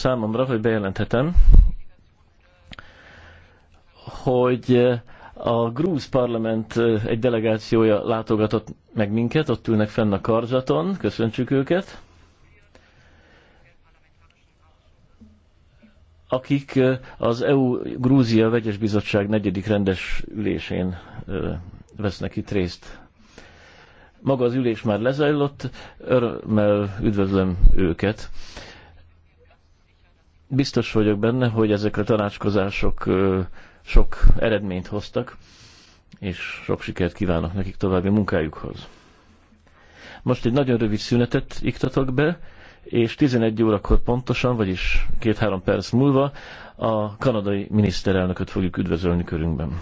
számomra, hogy bejelenthetem, hogy a grúz parlament egy delegációja látogatott meg minket, ott ülnek fenn a karzaton, köszöntsük őket, akik az EU-Grúzia Vegyes Bizottság negyedik rendes ülésén vesznek itt részt. Maga az ülés már lezajlott, örömmel üdvözlöm őket. Biztos vagyok benne, hogy ezek a tanácskozások sok eredményt hoztak, és sok sikert kívánok nekik további munkájukhoz. Most egy nagyon rövid szünetet iktatok be, és 11 órakor pontosan, vagyis 2-3 perc múlva a kanadai miniszterelnököt fogjuk üdvözölni körünkben.